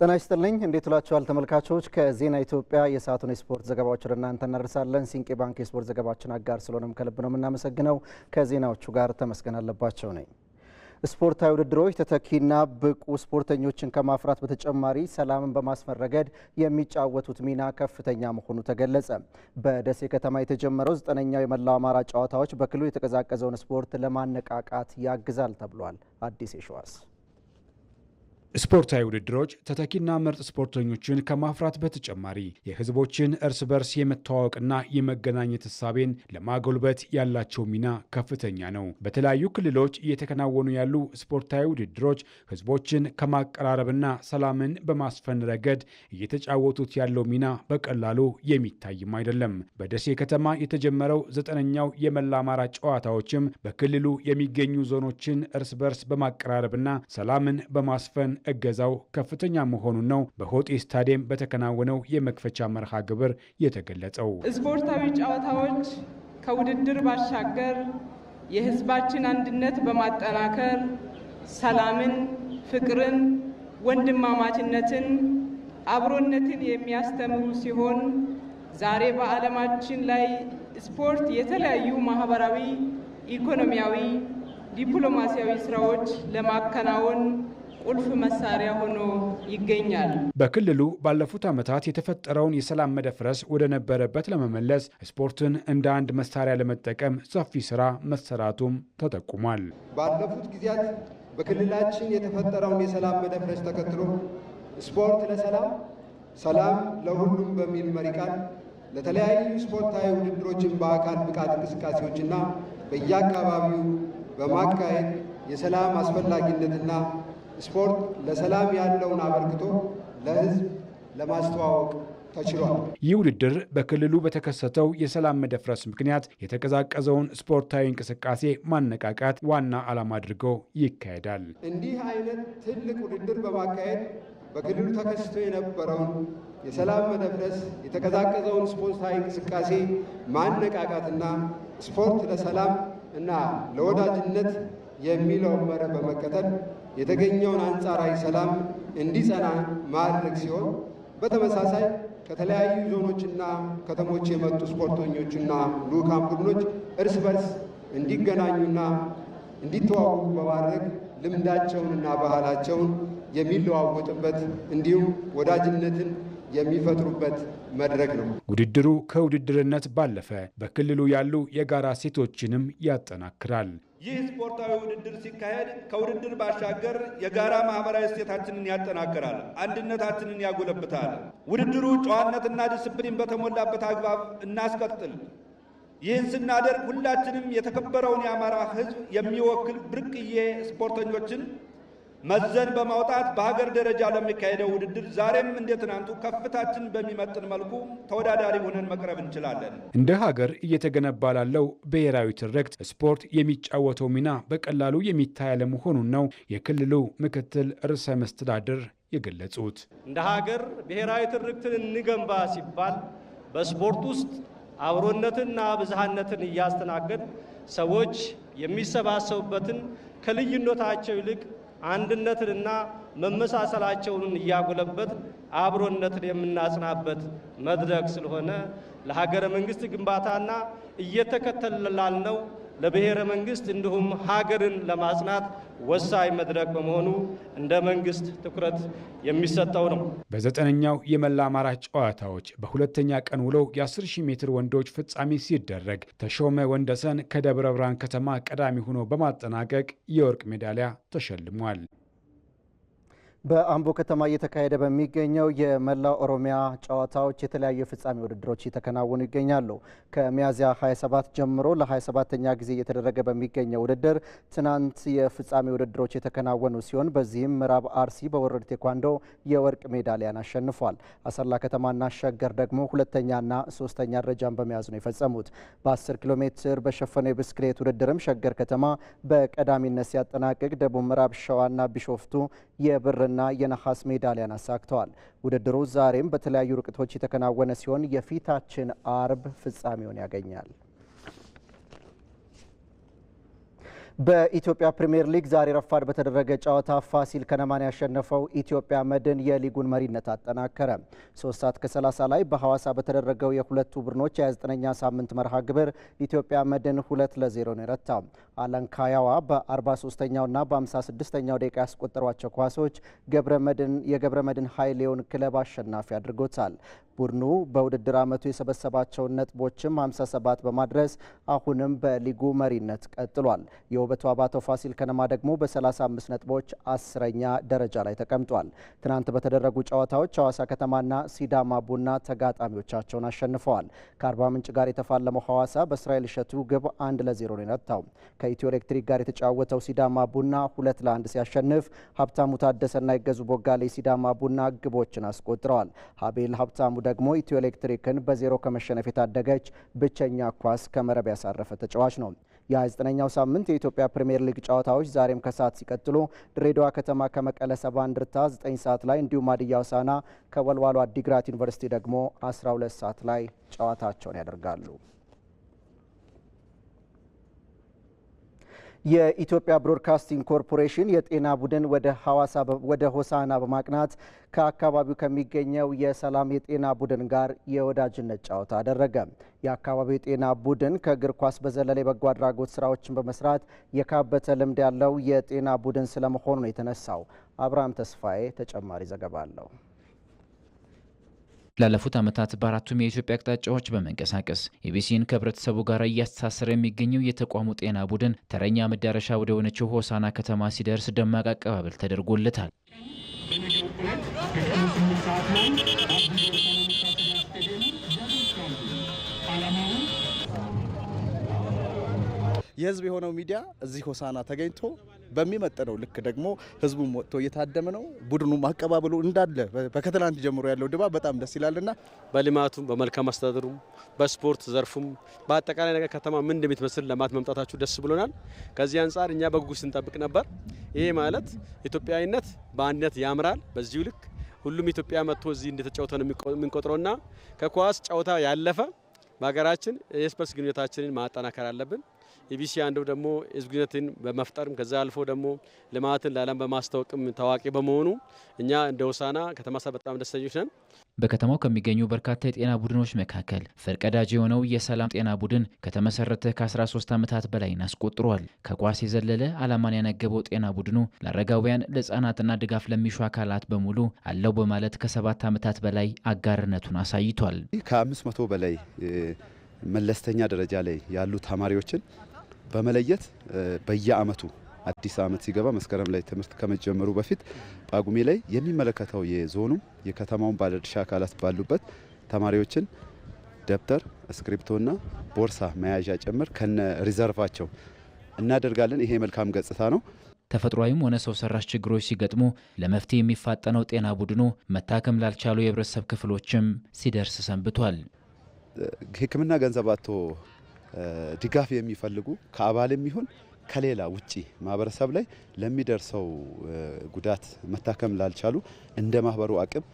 ጤና ይስጥልኝ። እንዴት ውላችኋል ተመልካቾች? ከዜና ኢትዮጵያ የሰዓቱን የስፖርት ዘገባዎች ወደ እናንተ እናደርሳለን። ሲንቄ ባንክ የስፖርት ዘገባችን አጋር ስለሆነም ከልብ ነው የምናመሰግነው። ከዜናዎቹ ጋር ተመስገን አለባቸው ነኝ። ስፖርታዊ ውድድሮች ተተኪና ብቁ ስፖርተኞችን ከማፍራት በተጨማሪ ሰላምን በማስፈን ረገድ የሚጫወቱት ሚና ከፍተኛ መሆኑ ተገለጸ። በደሴ ከተማ የተጀመረው ዘጠነኛው የመላው አማራ ጨዋታዎች በክልሉ የተቀዛቀዘውን ስፖርት ለማነቃቃት ያግዛል ተብሏል። አዲስ የሸዋስ ስፖርታዊ ውድድሮች ተተኪና ምርጥ ስፖርተኞችን ከማፍራት በተጨማሪ የሕዝቦችን እርስ በርስ የመተዋወቅና የመገናኘት እሳቤን ለማጎልበት ያላቸው ሚና ከፍተኛ ነው። በተለያዩ ክልሎች እየተከናወኑ ያሉ ስፖርታዊ ውድድሮች ሕዝቦችን ከማቀራረብና ሰላምን በማስፈን ረገድ እየተጫወቱት ያለው ሚና በቀላሉ የሚታይም አይደለም። በደሴ ከተማ የተጀመረው ዘጠነኛው የመላ አማራ ጨዋታዎችም በክልሉ የሚገኙ ዞኖችን እርስ በርስ በማቀራረብና ሰላምን በማስፈን እገዛው ከፍተኛ መሆኑን ነው በሆጤ ስታዲየም በተከናወነው የመክፈቻ መርሃ ግብር የተገለጸው። ስፖርታዊ ጨዋታዎች ከውድድር ባሻገር የህዝባችን አንድነት በማጠናከር ሰላምን፣ ፍቅርን፣ ወንድማማችነትን፣ አብሮነትን የሚያስተምሩ ሲሆን ዛሬ በዓለማችን ላይ ስፖርት የተለያዩ ማህበራዊ፣ ኢኮኖሚያዊ፣ ዲፕሎማሲያዊ ስራዎች ለማከናወን ቁልፍ መሳሪያ ሆኖ ይገኛል። በክልሉ ባለፉት ዓመታት የተፈጠረውን የሰላም መደፍረስ ወደ ነበረበት ለመመለስ ስፖርትን እንደ አንድ መሳሪያ ለመጠቀም ሰፊ ስራ መሰራቱም ተጠቁሟል። ባለፉት ጊዜያት በክልላችን የተፈጠረውን የሰላም መደፍረስ ተከትሎ ስፖርት ለሰላም ሰላም ለሁሉም በሚል መሪ ቃል ለተለያዩ ስፖርታዊ ውድድሮችን በአካል ብቃት እንቅስቃሴዎችና በየአካባቢው በማካሄድ የሰላም አስፈላጊነትና ስፖርት ለሰላም ያለውን አበርክቶ ለህዝብ ለማስተዋወቅ ተችሏል። ይህ ውድድር በክልሉ በተከሰተው የሰላም መደፍረስ ምክንያት የተቀዛቀዘውን ስፖርታዊ እንቅስቃሴ ማነቃቃት ዋና ዓላማ አድርጎ ይካሄዳል። እንዲህ አይነት ትልቅ ውድድር በማካሄድ በክልሉ ተከስቶ የነበረውን የሰላም መደፍረስ የተቀዛቀዘውን ስፖርታዊ እንቅስቃሴ ማነቃቃትና ስፖርት ለሰላም እና ለወዳጅነት የሚለውን መርህ በመከተል የተገኘውን አንጻራዊ ሰላም እንዲጸና ማድረግ ሲሆን በተመሳሳይ ከተለያዩ ዞኖችና ከተሞች የመጡ ስፖርተኞችና ልዑካን ቡድኖች እርስ በርስ እንዲገናኙና እንዲተዋወቁ በማድረግ ልምዳቸውንና ባህላቸውን የሚለዋወጡበት እንዲሁም ወዳጅነትን የሚፈጥሩበት መድረክ ነው። ውድድሩ ከውድድርነት ባለፈ በክልሉ ያሉ የጋራ ሴቶችንም ያጠናክራል። ይህ ስፖርታዊ ውድድር ሲካሄድ ከውድድር ባሻገር የጋራ ማህበራዊ እሴታችንን ያጠናክራል፣ አንድነታችንን ያጎለብታል። ውድድሩ ጨዋነትና ዲስፕሊን በተሞላበት አግባብ እናስቀጥል። ይህን ስናደርግ ሁላችንም የተከበረውን የአማራ ሕዝብ የሚወክል ብርቅዬ ስፖርተኞችን መዘን በማውጣት በሀገር ደረጃ ለሚካሄደው ውድድር ዛሬም እንደ ትናንቱ ከፍታችን በሚመጥን መልኩ ተወዳዳሪ ሆነን መቅረብ እንችላለን። እንደ ሀገር እየተገነባ ላለው ብሔራዊ ትርክት ስፖርት የሚጫወተው ሚና በቀላሉ የሚታይ አለመሆኑን ነው የክልሉ ምክትል ርዕሰ መስተዳድር የገለጹት። እንደ ሀገር ብሔራዊ ትርክትን እንገንባ ሲባል በስፖርት ውስጥ አብሮነትንና ብዝሃነትን እያስተናገድ ሰዎች የሚሰባሰቡበትን ከልዩነታቸው ይልቅ አንድነትንና መመሳሰላቸውን እያጎለበት አብሮነትን የምናጽናበት መድረክ ስለሆነ ለሀገረ መንግስት ግንባታና እየተከተለላል ነው። ለብሔረ መንግስት እንዲሁም ሀገርን ለማጽናት ወሳኝ መድረክ በመሆኑ እንደ መንግስት ትኩረት የሚሰጠው ነው። በዘጠነኛው የመላ አማራ ጨዋታዎች በሁለተኛ ቀን ውለው የ10 ሺህ ሜትር ወንዶች ፍጻሜ ሲደረግ ተሾመ ወንደሰን ከደብረ ብርሃን ከተማ ቀዳሚ ሆኖ በማጠናቀቅ የወርቅ ሜዳሊያ ተሸልሟል። በአምቦ ከተማ እየተካሄደ በሚገኘው የመላ ኦሮሚያ ጨዋታዎች የተለያዩ ፍጻሜ ውድድሮች እየተከናወኑ ይገኛሉ። ከሚያዝያ 27 ጀምሮ ለ 27 ተኛ ጊዜ እየተደረገ በሚገኘው ውድድር ትናንት የፍጻሜ ውድድሮች የተከናወኑ ሲሆን በዚህም ምዕራብ አርሲ በወረድ ቴኳንዶ የወርቅ ሜዳሊያን አሸንፏል። አሰላ ከተማና ሸገር ደግሞ ሁለተኛና ሶስተኛ ደረጃን በመያዝ ነው የፈጸሙት። በ10 ኪሎ ሜትር በሸፈነው የብስክሌት ውድድርም ሸገር ከተማ በቀዳሚነት ሲያጠናቅቅ፣ ደቡብ ምዕራብ ሸዋና ቢሾፍቱ የብርና የወርቅና የነሐስ ሜዳሊያን አሳክተዋል። ውድድሩ ዛሬም በተለያዩ ርቀቶች የተከናወነ ሲሆን የፊታችን አርብ ፍጻሜውን ያገኛል። በኢትዮጵያ ፕሪምየር ሊግ ዛሬ ረፋድ በተደረገ ጨዋታ ፋሲል ከነማን ያሸነፈው ኢትዮጵያ መድን የሊጉን መሪነት አጠናከረ። ሶስት ሰዓት ከ30 ላይ በሐዋሳ በተደረገው የሁለቱ ቡድኖች የ29ኛ ሳምንት መርሃ ግብር ኢትዮጵያ መድን ሁለት ለዜሮ ነው የረታው። አለን ካያዋ በ43ኛውና በ56ኛው ደቂቃ ያስቆጠሯቸው ኳሶች የገብረ መድን ኃይሌውን ክለብ አሸናፊ አድርጎታል። ቡድኑ በውድድር ዓመቱ የሰበሰባቸውን ነጥቦችም 57 በማድረስ አሁንም በሊጉ መሪነት ቀጥሏል። ውበቱ አባተው ፋሲል ከነማ ደግሞ በ35 ነጥቦች አስረኛ ደረጃ ላይ ተቀምጧል። ትናንት በተደረጉ ጨዋታዎች ሐዋሳ ከተማና ሲዳማ ቡና ተጋጣሚዎቻቸውን አሸንፈዋል። ከአርባ ምንጭ ጋር የተፋለመው ሐዋሳ በእስራኤል እሸቱ ግብ አንድ ለዜሮ ነው የነታው። ከኢትዮ ኤሌክትሪክ ጋር የተጫወተው ሲዳማ ቡና ሁለት ለአንድ ሲያሸንፍ ሀብታሙ ታደሰና ይገዙ ቦጋሌ ሲዳማ ቡና ግቦችን አስቆጥረዋል። ሀቤል ሀብታሙ ደግሞ ኢትዮ ኤሌክትሪክን በዜሮ ከመሸነፍ የታደገች ብቸኛ ኳስ ከመረብ ያሳረፈ ተጫዋች ነው። የ29ኛው ሳምንት የኢትዮ የኢትዮጵያ ፕሪምየር ሊግ ጨዋታዎች ዛሬም ከሰዓት ሲቀጥሉ ድሬዳዋ ከተማ ከመቀለ ሰባ እንደርታ 9 ሰዓት ላይ እንዲሁም ሀዲያ ሆሳዕና ከወልዋሎ አዲግራት ዩኒቨርሲቲ ደግሞ 12 ሰዓት ላይ ጨዋታቸውን ያደርጋሉ። የኢትዮጵያ ብሮድካስቲንግ ኮርፖሬሽን የጤና ቡድን ወደ ሐዋሳ ወደ ሆሳና በማቅናት ከአካባቢው ከሚገኘው የሰላም የጤና ቡድን ጋር የወዳጅነት ጨዋታ አደረገ። የአካባቢው የጤና ቡድን ከእግር ኳስ በዘለለ የበጎ አድራጎት ስራዎችን በመስራት የካበተ ልምድ ያለው የጤና ቡድን ስለመሆኑ ነው የተነሳው። አብርሃም ተስፋዬ ተጨማሪ ዘገባ አለው። ላለፉት ዓመታት በአራቱም የኢትዮጵያ አቅጣጫዎች በመንቀሳቀስ ኢቢሲን ከህብረተሰቡ ጋር እያስተሳሰረ የሚገኘው የተቋሙ ጤና ቡድን ተረኛ መዳረሻ ወደ ሆነችው ሆሳና ከተማ ሲደርስ ደማቅ አቀባበል ተደርጎለታል። የህዝብ የሆነው ሚዲያ እዚህ ሆሳና ተገኝቶ በሚመጥነው ልክ ደግሞ ህዝቡም ወጥቶ እየታደመ ነው። ቡድኑም አቀባበሉ እንዳለ በከትላንት ጀምሮ ያለው ድባብ በጣም ደስ ይላልና በልማቱም በመልካም አስተዳደሩም በስፖርት ዘርፉም በአጠቃላይ ነገር ከተማ ምን እንደምትመስል ለማት መምጣታችሁ ደስ ብሎናል። ከዚህ አንጻር እኛ በጉጉት ስንጠብቅ ነበር። ይሄ ማለት ኢትዮጵያዊነት በአንድነት ያምራል። በዚሁ ልክ ሁሉም ኢትዮጵያ መጥቶ እዚህ እንደተጫወተ ነው የምንቆጥረውና ከኳስ ጨዋታ ያለፈ በሀገራችን የስፖርት ግንኙነታችንን ማጠናከር አለብን። ኢቢሲ አንዱ ደግሞ ህዝብ ግንኙነትን በመፍጠርም ከዛ አልፎ ደግሞ ልማትን ለዓለም በማስታወቅም ታዋቂ በመሆኑ እኛ እንደ ሆሳዕና ከተማ በጣም ደስተኞች ነን። በከተማው ከሚገኙ በርካታ የጤና ቡድኖች መካከል ፈርቀዳጅ የሆነው የሰላም ጤና ቡድን ከተመሰረተ ከ13 ዓመታት በላይ አስቆጥሯል። ከኳስ የዘለለ ዓላማን ያነገበው ጤና ቡድኑ ለአረጋውያን ለህፃናትና ድጋፍ ለሚሹ አካላት በሙሉ አለው በማለት ከሰባት ዓመታት በላይ አጋርነቱን አሳይቷል። ከ መቶ በላይ መለስተኛ ደረጃ ላይ ያሉ ተማሪዎችን በመለየት በየአመቱ አዲስ አመት ሲገባ መስከረም ላይ ትምህርት ከመጀመሩ በፊት ጳጉሜ ላይ የሚመለከተው የዞኑ የከተማውን ባለድርሻ አካላት ባሉበት ተማሪዎችን ደብተር እስክሪፕቶና ቦርሳ መያዣ ጭምር ከነ ሪዘርቫቸው እናደርጋለን። ይሄ መልካም ገጽታ ነው። ተፈጥሯዊም ሆነ ሰው ሰራሽ ችግሮች ሲገጥሙ ለመፍትሄ የሚፋጠነው ጤና ቡድኑ መታከም ላልቻሉ የህብረተሰብ ክፍሎችም ሲደርስ ሰንብቷል። ሕክምና ገንዘብ አቶ። ድጋፍ የሚፈልጉ ከአባልም ይሁን ከሌላ ውጪ ማህበረሰብ ላይ ለሚደርሰው ጉዳት መታከም ላልቻሉ እንደ ማህበሩ አቅም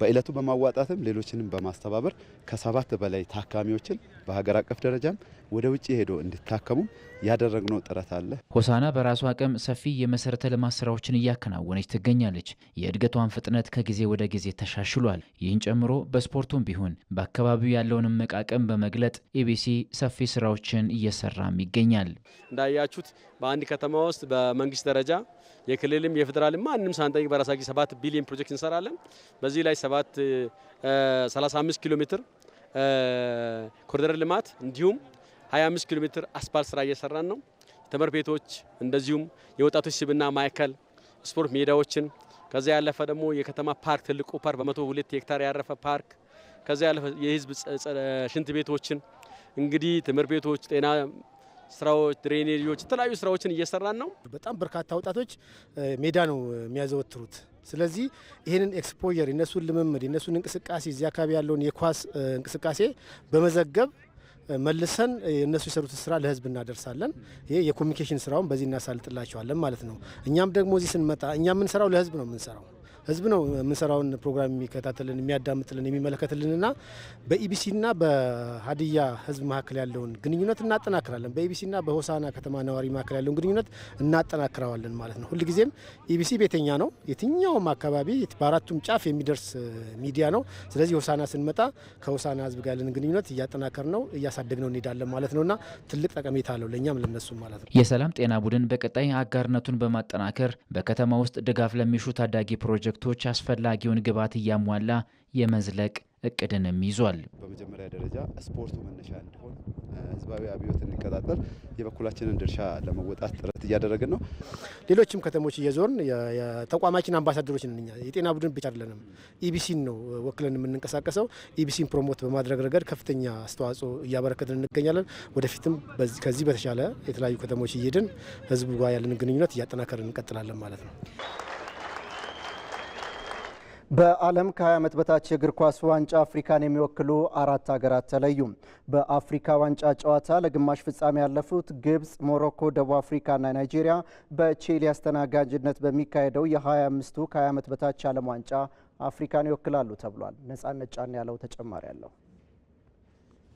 በእለቱ በማዋጣትም ሌሎችንም በማስተባበር ከሰባት በላይ ታካሚዎችን በሀገር አቀፍ ደረጃም ወደ ውጭ ሄዶ እንዲታከሙ ያደረግነው ጥረት አለ። ሆሳና በራሱ አቅም ሰፊ የመሰረተ ልማት ስራዎችን እያከናወነች ትገኛለች። የእድገቷን ፍጥነት ከጊዜ ወደ ጊዜ ተሻሽሏል። ይህን ጨምሮ በስፖርቱም ቢሆን በአካባቢው ያለውን እምቅ አቅም በመግለጥ ኤቢሲ ሰፊ ስራዎችን እየሰራም ይገኛል። እንዳያችሁት በአንድ ከተማ ውስጥ በመንግስት ደረጃ የክልልም የፌዴራልም ማንም ሳንጠይቅ ጊዜ ሰባት ቢሊዮን ፕሮጀክት እንሰራለን። በዚህ ላይ ሰባት 35 ኪሎ ሜትር ኮሪደር ልማት እንዲሁም 25 ኪሎ ሜትር አስፓልት ስራ እየሰራን ነው። ትምህርት ቤቶች እንደዚሁም የወጣቶች ስብና ማዕከል፣ ስፖርት ሜዳዎችን ከዚያ ያለፈ ደግሞ የከተማ ፓርክ ትልቁ ፓርክ በመቶ ሁለት ሄክታር ያረፈ ፓርክ ከዚያ ያለፈ የህዝብ ሽንት ቤቶችን እንግዲህ ትምህርት ቤቶች፣ ጤና ስራዎች፣ ድሬኔጆች የተለያዩ ስራዎችን እየሰራን ነው። በጣም በርካታ ወጣቶች ሜዳ ነው የሚያዘወትሩት። ስለዚህ ይህንን ኤክስፖየር የነሱን ልምምድ የነሱን እንቅስቃሴ እዚህ አካባቢ ያለውን የኳስ እንቅስቃሴ በመዘገብ መልሰን እነሱ የሰሩትን ስራ ለህዝብ እናደርሳለን። ይሄ የኮሚኒኬሽን ስራውን በዚህ እናሳልጥላቸዋለን ማለት ነው። እኛም ደግሞ እዚህ ስንመጣ እኛ የምንሰራው ለህዝብ ነው የምንሰራው ህዝብ ነው የምንሰራውን ፕሮግራም የሚከታተልን የሚያዳምጥልን የሚመለከትልንና በኢቢሲና በሀዲያ ህዝብ መካከል ያለውን ግንኙነት እናጠናክራለን። በኢቢሲና በሆሳና ከተማ ነዋሪ መካከል ያለውን ግንኙነት እናጠናክረዋለን ማለት ነው። ሁልጊዜም ኢቢሲ ቤተኛ ነው። የትኛውም አካባቢ በአራቱም ጫፍ የሚደርስ ሚዲያ ነው። ስለዚህ ሆሳና ስንመጣ ከሆሳና ህዝብ ጋር ያለን ግንኙነት እያጠናከር ነው እያሳደግ ነው እንሄዳለን ማለት ነውና ትልቅ ጠቀሜታ አለው ለእኛም ለነሱ ማለት ነው። የሰላም ጤና ቡድን በቀጣይ አጋርነቱን በማጠናከር በከተማ ውስጥ ድጋፍ ለሚሹ ታዳጊ ፕሮጀክት ፕሮጀክቶች አስፈላጊውን ግብዓት እያሟላ የመዝለቅ እቅድንም ይዟል። በመጀመሪያ ደረጃ ስፖርቱ መነሻ እንዲሆን ህዝባዊ አብዮት እንዲቀጣጠል የበኩላችንን ድርሻ ለመወጣት ጥረት እያደረግን ነው። ሌሎችም ከተሞች እየዞርን የተቋማችን አምባሳደሮች ነን። እኛ የጤና ቡድን ብቻ አይደለንም፣ ኢቢሲን ነው ወክለን የምንንቀሳቀሰው። ኢቢሲን ፕሮሞት በማድረግ ረገድ ከፍተኛ አስተዋጽኦ እያበረከትን እንገኛለን። ወደፊትም ከዚህ በተሻለ የተለያዩ ከተሞች እየሄድን ህዝቡ ጋር ያለን ግንኙነት እያጠናከርን እንቀጥላለን ማለት ነው። በዓለም ከ20 ዓመት በታች የእግር ኳስ ዋንጫ አፍሪካን የሚወክሉ አራት ሀገራት ተለዩ። በአፍሪካ ዋንጫ ጨዋታ ለግማሽ ፍጻሜ ያለፉት ግብፅ፣ ሞሮኮ፣ ደቡብ አፍሪካና ናይጄሪያ በቺሊ አስተናጋጅነት በሚካሄደው የ25ቱ ከ20 ዓመት በታች ዓለም ዋንጫ አፍሪካን ይወክላሉ ተብሏል። ነጻነት ጫን ያለው ተጨማሪ አለው።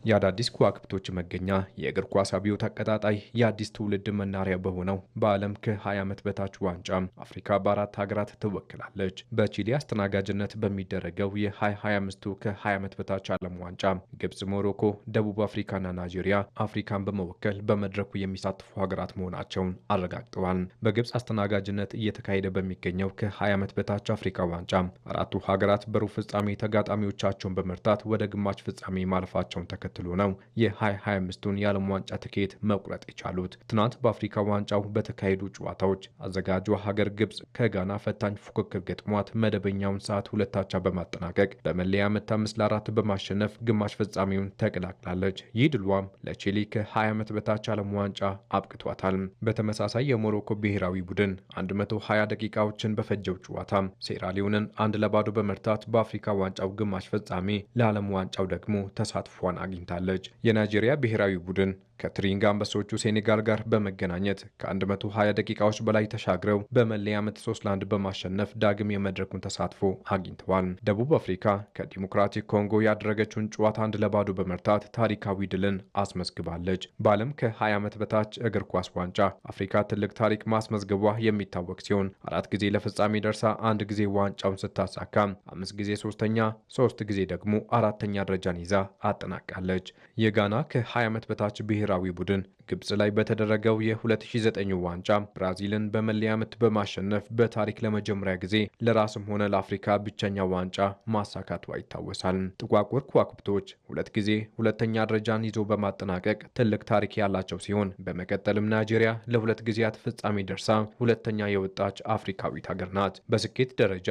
የአዳዲስ ከዋክብቶች መገኛ የእግር ኳስ አብዮት አቀጣጣይ የአዲስ ትውልድ መናሪያ በሆነው በዓለም ከ20 ዓመት በታች ዋንጫ አፍሪካ በአራት ሀገራት ትወክላለች። በቺሊ አስተናጋጅነት በሚደረገው የ 2025 ከ20 ዓመት በታች ዓለም ዋንጫ ግብፅ፣ ሞሮኮ፣ ደቡብ አፍሪካና ናይጄሪያ አፍሪካን በመወከል በመድረኩ የሚሳትፉ ሀገራት መሆናቸውን አረጋግጠዋል። በግብፅ አስተናጋጅነት እየተካሄደ በሚገኘው ከ20 ዓመት በታች አፍሪካ ዋንጫ አራቱ ሀገራት በሩብ ፍጻሜ ተጋጣሚዎቻቸውን በመርታት ወደ ግማሽ ፍጻሜ ማለፋቸውን ተከ ተከትሎ ነው የ2025ቱን የዓለም ዋንጫ ትኬት መቁረጥ የቻሉት። ትናንት በአፍሪካ ዋንጫው በተካሄዱ ጨዋታዎች አዘጋጇ ሀገር ግብፅ ከጋና ፈታኝ ፉክክር ገጥሟት መደበኛውን ሰዓት ሁለታቻ በማጠናቀቅ በመለያ ምት አምስት ለአራት በማሸነፍ ግማሽ ፍጻሜውን ተቀላቅላለች። ይህ ድሏም ለቺሊ ከ20 ዓመት በታች ዓለም ዋንጫ አብቅቷታል። በተመሳሳይ የሞሮኮ ብሔራዊ ቡድን 120 ደቂቃዎችን በፈጀው ጨዋታ ሴራሊዮንን አንድ ለባዶ በመርታት በአፍሪካ ዋንጫው ግማሽ ፍጻሜ ለዓለም ዋንጫው ደግሞ ተሳትፏን አግኝ አግኝታለች። የናይጄሪያ ብሔራዊ ቡድን ከትሪንግ አንበሶቹ ሴኔጋል ጋር በመገናኘት ከ120 ደቂቃዎች በላይ ተሻግረው በመለያ ምት 3 ለ1 በማሸነፍ ዳግም የመድረኩን ተሳትፎ አግኝተዋል። ደቡብ አፍሪካ ከዲሞክራቲክ ኮንጎ ያደረገችውን ጨዋታ አንድ ለባዶ በመርታት ታሪካዊ ድልን አስመዝግባለች። በዓለም ከ20 ዓመት በታች እግር ኳስ ዋንጫ አፍሪካ ትልቅ ታሪክ ማስመዝገቧ የሚታወቅ ሲሆን አራት ጊዜ ለፍጻሜ ደርሳ አንድ ጊዜ ዋንጫውን ስታሳካ አምስት ጊዜ ሶስተኛ፣ ሶስት ጊዜ ደግሞ አራተኛ ደረጃን ይዛ አጠናቃለች። የጋና ከ20 ዓመት በታች ብሔር Are we budynek ግብጽ ላይ በተደረገው የ2009 ዋንጫ ብራዚልን በመለያ ምት በማሸነፍ በታሪክ ለመጀመሪያ ጊዜ ለራስም ሆነ ለአፍሪካ ብቸኛ ዋንጫ ማሳካቷ ይታወሳል። ጥቋቁር ከዋክብቶች ሁለት ጊዜ ሁለተኛ ደረጃን ይዞ በማጠናቀቅ ትልቅ ታሪክ ያላቸው ሲሆን በመቀጠልም ናይጄሪያ ለሁለት ጊዜያት ፍጻሜ ደርሳ ሁለተኛ የወጣች አፍሪካዊት ሀገር ናት። በስኬት ደረጃ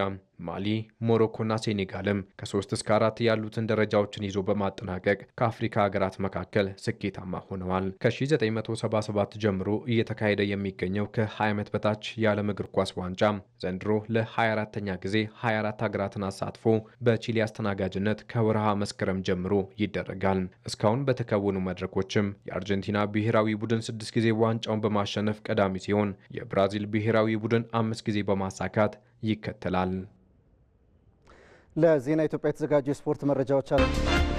ማሊ፣ ሞሮኮና ሴኔጋልም ከሶስት እስከ አራት ያሉትን ደረጃዎችን ይዞ በማጠናቀቅ ከአፍሪካ ሀገራት መካከል ስኬታማ ሆነዋል። ከ9 1977 ጀምሮ እየተካሄደ የሚገኘው ከ20 ዓመት በታች የዓለም እግር ኳስ ዋንጫ ዘንድሮ ለ24ተኛ ጊዜ 24 ሀገራትን አሳትፎ በቺሊ አስተናጋጅነት ከወርሃ መስከረም ጀምሮ ይደረጋል። እስካሁን በተከወኑ መድረኮችም የአርጀንቲና ብሔራዊ ቡድን ስድስት ጊዜ ዋንጫውን በማሸነፍ ቀዳሚ ሲሆን የብራዚል ብሔራዊ ቡድን አምስት ጊዜ በማሳካት ይከተላል። ለዜና ኢትዮጵያ የተዘጋጁ የስፖርት መረጃዎች አሉ።